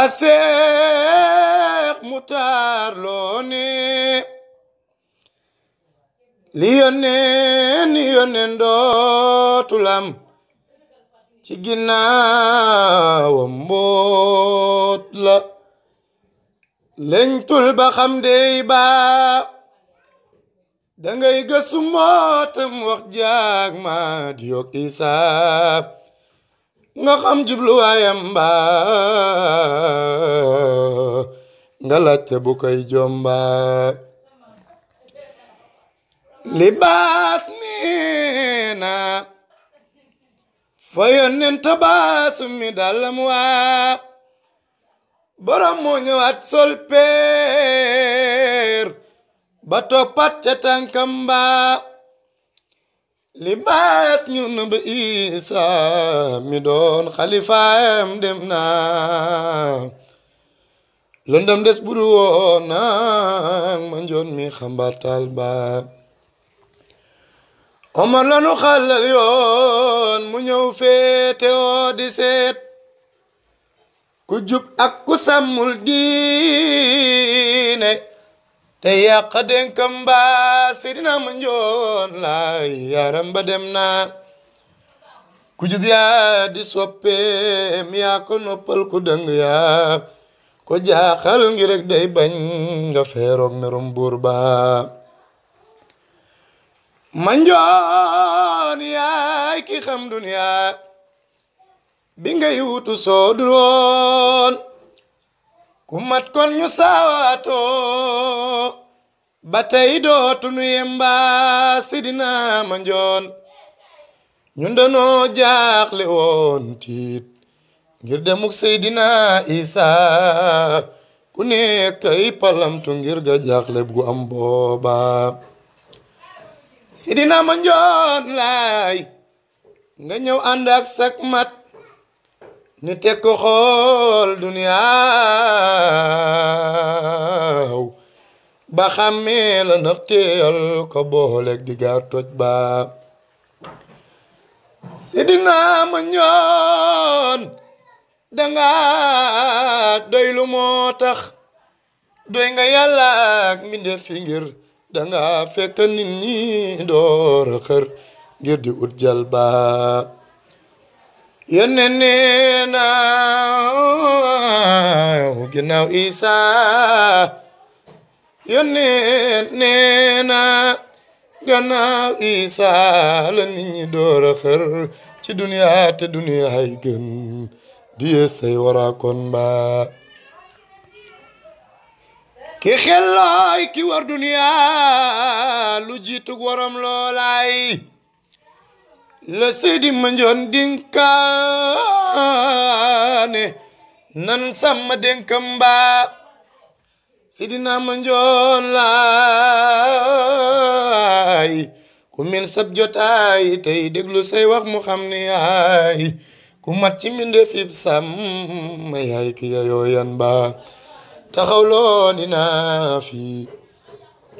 aseex mutar loone li yónneen dootulam ci ginnaawam mboot la leñtul ba xam dey baa dangay gësu mootam wax jaag ma di yokk isaab nga xam wayam ba nga laajte bu koy jomba libaas neena fa yonnen tabaasu mi dalam wa. borom mo ñewat sol peer ba topat ca tankam ba libaas ñu nëbb isa mi doon am dem na lëndëm des buru woon nag ma njoon mi xambatal ba omar lanu xàllal yon mu ñew fete o di set ku jup ak ku samul diine te yàq dénkam ba Seydina Mandione laay yaram ba dem na ku yaa di soppeem yaa ko noppal ku dëng yaa ko jaaxal ngi rek day bañ nga feeroog merum buur ba Mandione yaay ki xam duniya bi ngay wutu Kumat kon ñu saawaatoo ba tey sidina manjon, njoon ñun danoo jaaxle ngir demuk sidina isa ku kay palam tu ngir ga jaaxle gu am boba sidina manjon lay, nga ñew andak sak mat ni teg ko xool duniyaaw ba xàmmee la nax téyal ko booleeg digaar toj ba sidina ma ñoon danga doy lu moo doy nga yàlla ak mbindeef fi ngir danga fekk nit ñi door xër ngir di ut jal yónne nee na ginnaaw isa yónne nee na gannaaw isa la nit ñi door ci duniya te duniya ay di yees tey wara kon ba ki war duniya lu jiitug waram loolaay la seydi manjoon dinkaane nan sàmma dénkam mbaa seydina manjoon laay ku min sab jotaay tey déglu say wax mu xam ni yaay ku mat ci mbindee fiib sàmm yaay ki yayoo yan taxaw loo ni fi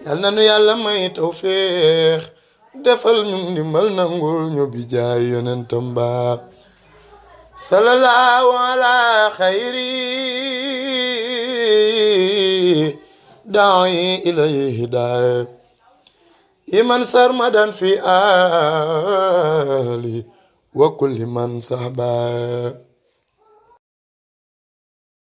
yal na yàlla may tawféex defal ñu ndimbal nangul ñu bi jaay yonentam ba salallahu ala xayri daayi ilayhi hidaaya iman sarmadan fi ali wa kulli man sahba